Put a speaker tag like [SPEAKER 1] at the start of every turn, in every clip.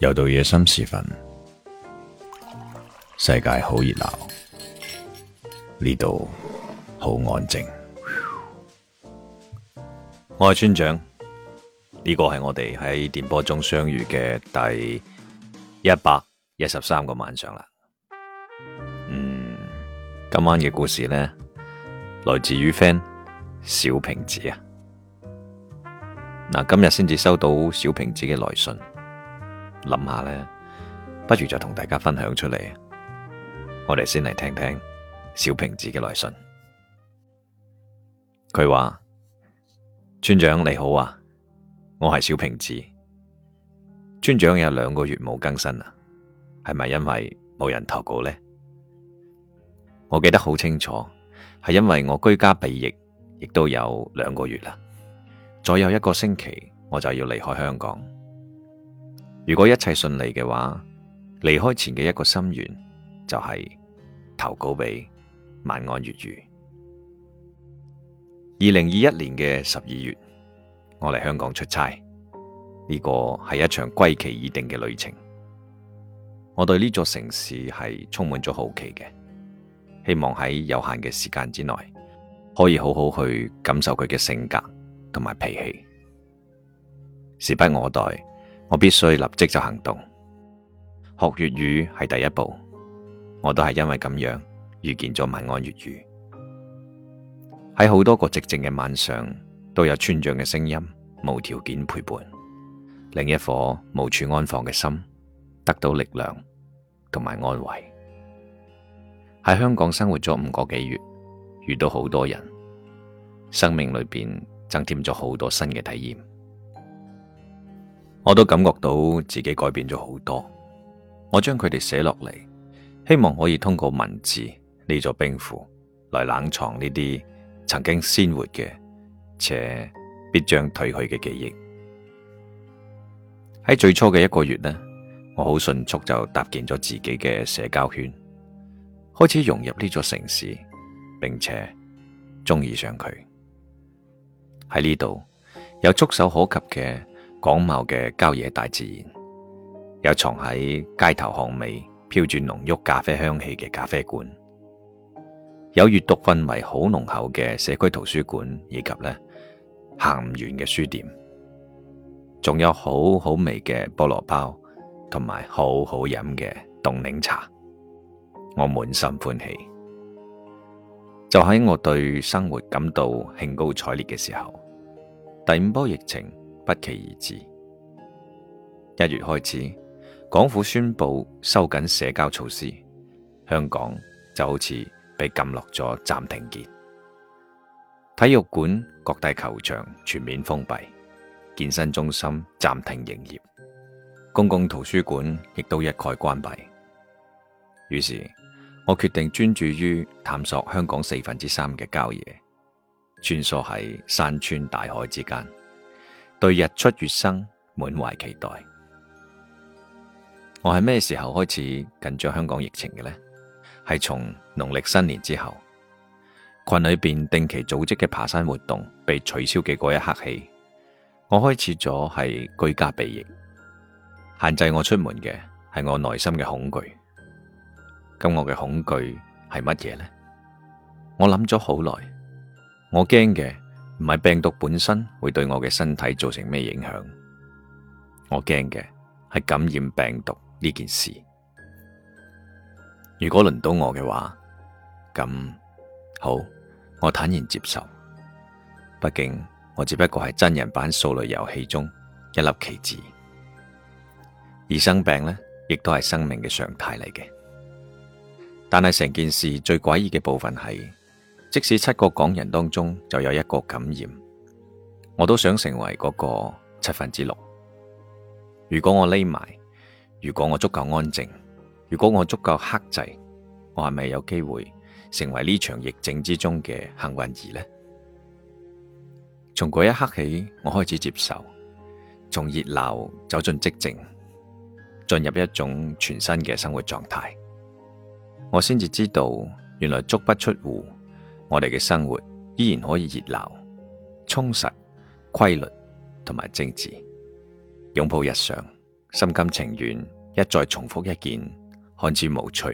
[SPEAKER 1] 又到夜深時分，世界好熱鬧，呢度好安靜。 我係村長，呢個係我哋喺電波中相遇嘅第一百一十三個晚上啦。嗯，今晚嘅故事呢，來自於 fan 小瓶子啊。嗱，今日先至收到小瓶子嘅來信。諗下咧，不如就同大家分享出嚟。我哋先嚟聽聽小瓶子嘅來信。佢話：村長你好啊，我係小瓶子。村長有兩個月冇更新啊，係咪因為冇人投稿呢？我記得好清楚，係因為我居家避疫，亦都有兩個月啦。再有一個星期我就要離開香港。如果一切順利嘅話，離開前嘅一個心願就係投稿俾晚安粵語。二零二一年嘅十二月，我嚟香港出差，呢個係一場歸期已定嘅旅程。我對呢座城市係充滿咗好奇嘅，希望喺有限嘅時間之內，可以好好去感受佢嘅性格同埋脾氣。時不我待。我必須立即就行動，學粵語係第一步。我都係因為咁樣遇見咗晚安粵語。喺好多個寂靜嘅晚上，都有村長嘅聲音，無條件陪伴另一顆無處安放嘅心，得到力量同埋安慰。喺香港生活咗五個幾月，遇到好多人，生命裏邊增添咗好多新嘅體驗。我都感覺到自己改變咗好多，我將佢哋寫落嚟，希望可以通過文字呢座冰庫嚟冷藏呢啲曾經鮮活嘅且必將褪去嘅記憶。喺最初嘅一個月呢，我好迅速就搭建咗自己嘅社交圈，開始融入呢座城市，並且中意上佢。喺呢度，有觸手可及嘅。廣袤嘅郊野大自然，有藏喺街頭巷尾飄住濃郁咖啡香氣嘅咖啡館，有閱讀氛圍好濃厚嘅社區圖書館，以及咧行唔完嘅書店，仲有好好味嘅菠蘿包，同埋好好飲嘅凍檸茶，我滿心歡喜。就喺我對生活感到興高采烈嘅時候，第五波疫情不期而至，一月開始，港府宣布收緊社交措施，香港就好似被撳落咗暫停鍵。體育館、各大球場全面封閉，健身中心暫停營業，公共圖書館亦都一概關閉。於是，我決定專注於探索香港四分之三嘅郊野，穿梭喺山川大海之間。對日出月生滿懷期待。我係咩時候開始緊張香港疫情嘅呢？係從農曆新年之後，群裏邊定期組織嘅爬山活動被取消嘅嗰一刻起，我開始咗係居家避疫。限制我出門嘅係我內心嘅恐懼。咁我嘅恐懼係乜嘢呢？我諗咗好耐，我驚嘅。唔係病毒本身會對我嘅身體造成咩影響。我驚嘅係感染病毒呢件事。如果輪到我嘅話，咁好，我坦然接受。畢竟我只不過係真人版掃雷遊戲中一粒棋子，而生病咧亦都係生命嘅常態嚟嘅。但係成件事最詭異嘅部分係，即使七個港人當中就有一個感染，我都想成為嗰個七分之六。如果我匿埋，如果我足夠安靜，如果我足夠克制，我係咪有機會成為呢場疫症之中嘅幸運兒呢？從嗰一刻起，我開始接受，從熱鬧走進寂靜，進入一種全新嘅生活狀態。我先至知道，原來足不出戶。我哋嘅生活依然可以熱鬧、充實、規律同埋精緻，擁抱日常，心甘情願一再重複一件看似無趣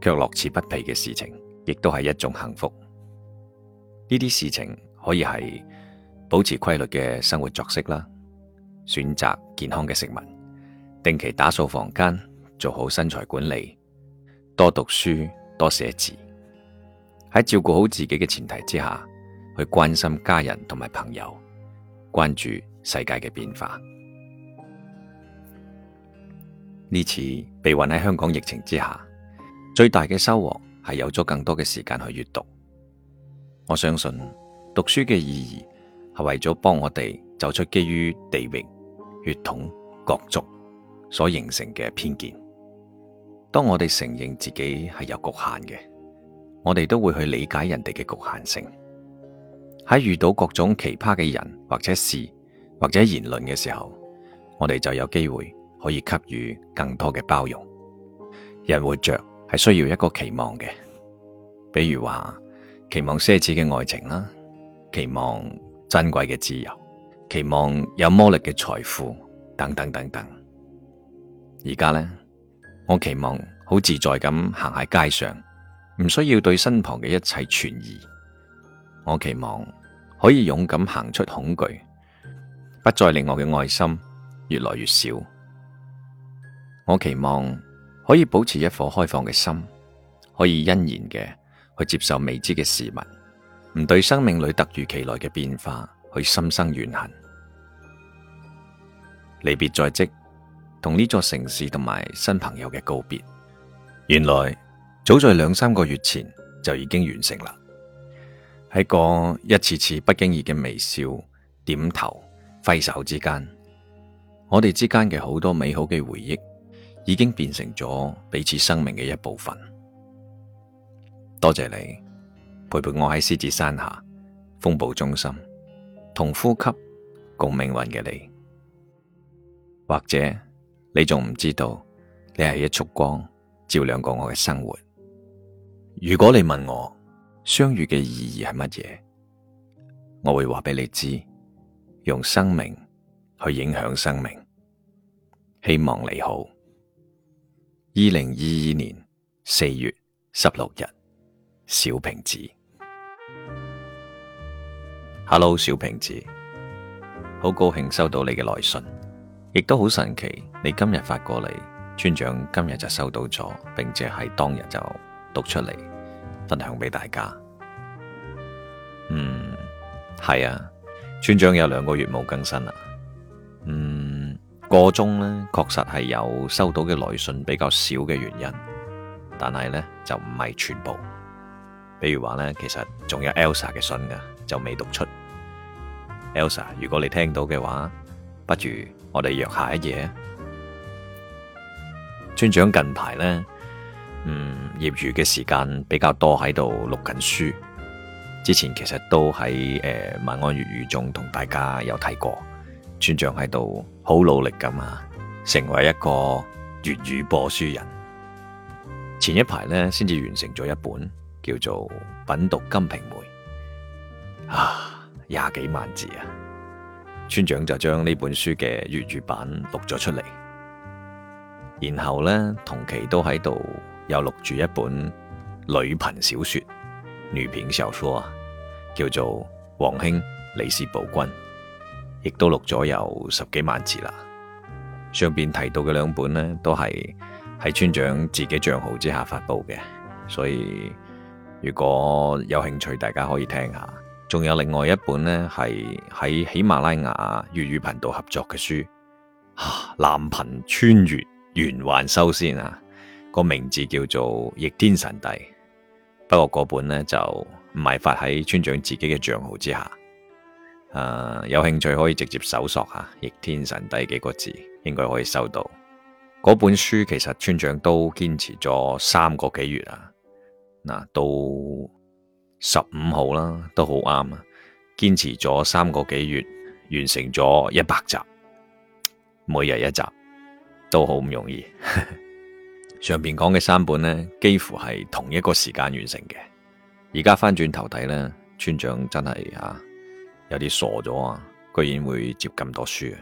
[SPEAKER 1] 卻樂此不疲嘅事情，亦都係一種幸福。呢啲事情可以係保持規律嘅生活作息啦，選擇健康嘅食物，定期打掃房間，做好身材管理，多讀書，多寫字。喺照顧好自己嘅前提之下，去關心家人同埋朋友，關注世界嘅變化。呢次被困喺香港疫情之下，最大嘅收穫係有咗更多嘅時間去閱讀。我相信讀書嘅意義係為咗幫我哋走出基於地域、血統、國族所形成嘅偏見。當我哋承認自己係有局限嘅。我哋都會去理解人哋嘅局限性，喺遇到各種奇葩嘅人或者事或者言論嘅時候，我哋就有機會可以給予更多嘅包容。人活着係需要一個期望嘅，比如話期望奢侈嘅愛情啦，期望珍貴嘅自由，期望有魔力嘅財富等等等等。而家咧，我期望好自在咁行喺街上，唔需要對身旁嘅一切存疑，我期望可以勇敢行出恐懼，不再令我嘅愛心越來越少。我期望可以保持一顆開放嘅心，可以欣然嘅去接受未知嘅事物，唔對生命裏突如其來嘅變化去心生怨恨。離別在即，同呢座城市同埋新朋友嘅告別，原來。早在兩三個月前就已經完成啦。喺嗰一次次不經意嘅微笑、點頭、揮手之間，我哋之間嘅好多美好嘅回憶，已經變成咗彼此生命嘅一部分。多謝你陪伴我喺獅子山下、風暴中心同呼吸共命運嘅你，或者你仲唔知道，你係一束光，照亮過我嘅生活。如果你問我相遇嘅意義係乜嘢？我會話俾你知，用生命去影響生命，希望你好。二零二二年四月十六日，小瓶子。Hello，小瓶子，好高興收到你嘅來信，亦都好神奇，你今日發過嚟，村長今日就收到咗，並且喺當日就。讀出嚟，分享俾大家。嗯，係啊，村長有兩個月冇更新啦。嗯，個中呢確實係有收到嘅來信比較少嘅原因，但係呢就唔係全部。比如話呢，其實仲有 Elsa 嘅信噶，就未讀出。Elsa，如果你聽到嘅話，不如我哋約下一夜。村長近排呢。嗯，業餘嘅時間比較多喺度錄緊書。之前其實都喺誒、呃、晚安粵語中同大家有提過，村長喺度好努力咁，啊，成為一個粵語播書人。前一排呢，先至完成咗一本叫做《品讀金瓶梅》啊，廿幾萬字啊，村長就將呢本書嘅粵語版錄咗出嚟，然後呢，同期都喺度。又錄住一本女頻小說、女頻小說啊，叫做《皇兄，你係暴君》，亦都錄咗有十幾萬字啦。上邊提到嘅兩本呢，都係喺村長自己賬號之下發布嘅，所以如果有興趣，大家可以聽下。仲有另外一本呢，係喺喜馬拉雅粵語頻道合作嘅書，《啊男頻穿越玄幻修仙啊》。個名字叫做《逆天神帝》，不過嗰本呢，就唔係發喺村長自己嘅賬號之下。誒、uh，有興趣可以直接搜索下《逆天神帝》幾個字，應該可以收到。嗰本書其實村長都堅持咗三個幾月啊，嗱到十五號啦，都好啱啊，堅持咗三個幾月，完成咗一百集，每日一集，都好唔容易。 上邊講嘅三本咧，幾乎係同一個時間完成嘅。而家翻轉頭睇呢，村長真係吓、啊、有啲傻咗啊！居然會接咁多書。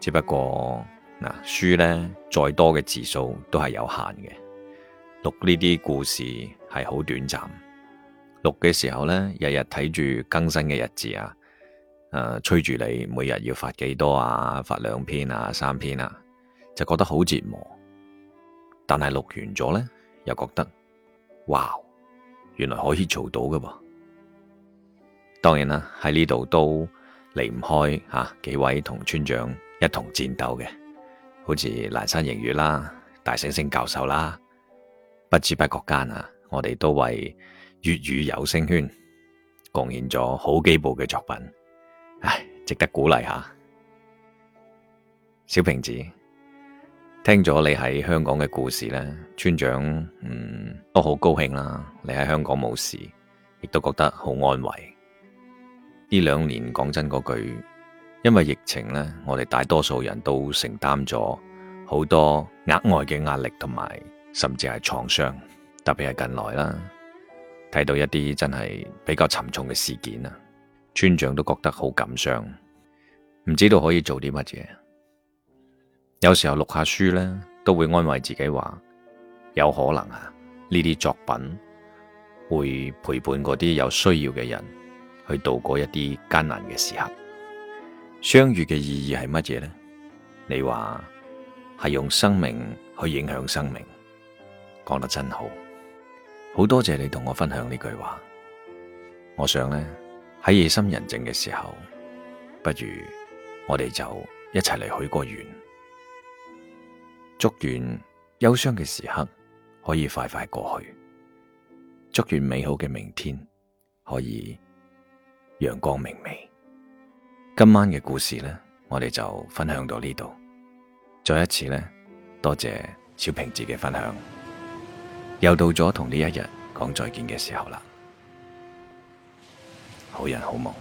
[SPEAKER 1] 只不過嗱、啊，書咧，再多嘅字數都係有限嘅。讀呢啲故事係好短暫。讀嘅時候呢，日日睇住更新嘅日誌啊，誒、啊，催住你每日要發幾多啊？發兩篇啊，三篇啊，就覺得好折磨。但係錄完咗咧，又覺得哇，原來可以做到嘅噃。當然啦，喺呢度都離唔開吓、啊、幾位同村長一同戰鬥嘅，好似闌珊凝月啦、大猩猩教授啦。不知不覺間啊，我哋都為粵語有聲圈貢獻咗好幾部嘅作品，唉，值得鼓勵下。小瓶子。聽咗你喺香港嘅故事呢，村長嗯都好高興啦。你喺香港冇事，亦都覺得好安慰。呢兩年講真嗰句，因為疫情呢，我哋大多數人都承擔咗好多額外嘅壓力同埋，甚至係創傷。特別係近來啦，睇到一啲真係比較沉重嘅事件啊，村長都覺得好感傷，唔知道可以做啲乜嘢。有時候錄下書咧，都會安慰自己話：有可能啊，呢啲作品會陪伴嗰啲有需要嘅人去度過一啲艱難嘅時刻。相遇嘅意義係乜嘢咧？你話係用生命去影響生命，講得真好，好多謝你同我分享呢句話。我想咧喺夜深人靜嘅時候，不如我哋就一齊嚟許個願。祝願憂傷嘅時刻可以快快過去，祝願美好嘅明天可以陽光明媚。今晚嘅故事呢，我哋就分享到呢度。再一次呢，多謝小瓶子嘅分享。又到咗同呢一日講再見嘅時候啦，好人好夢。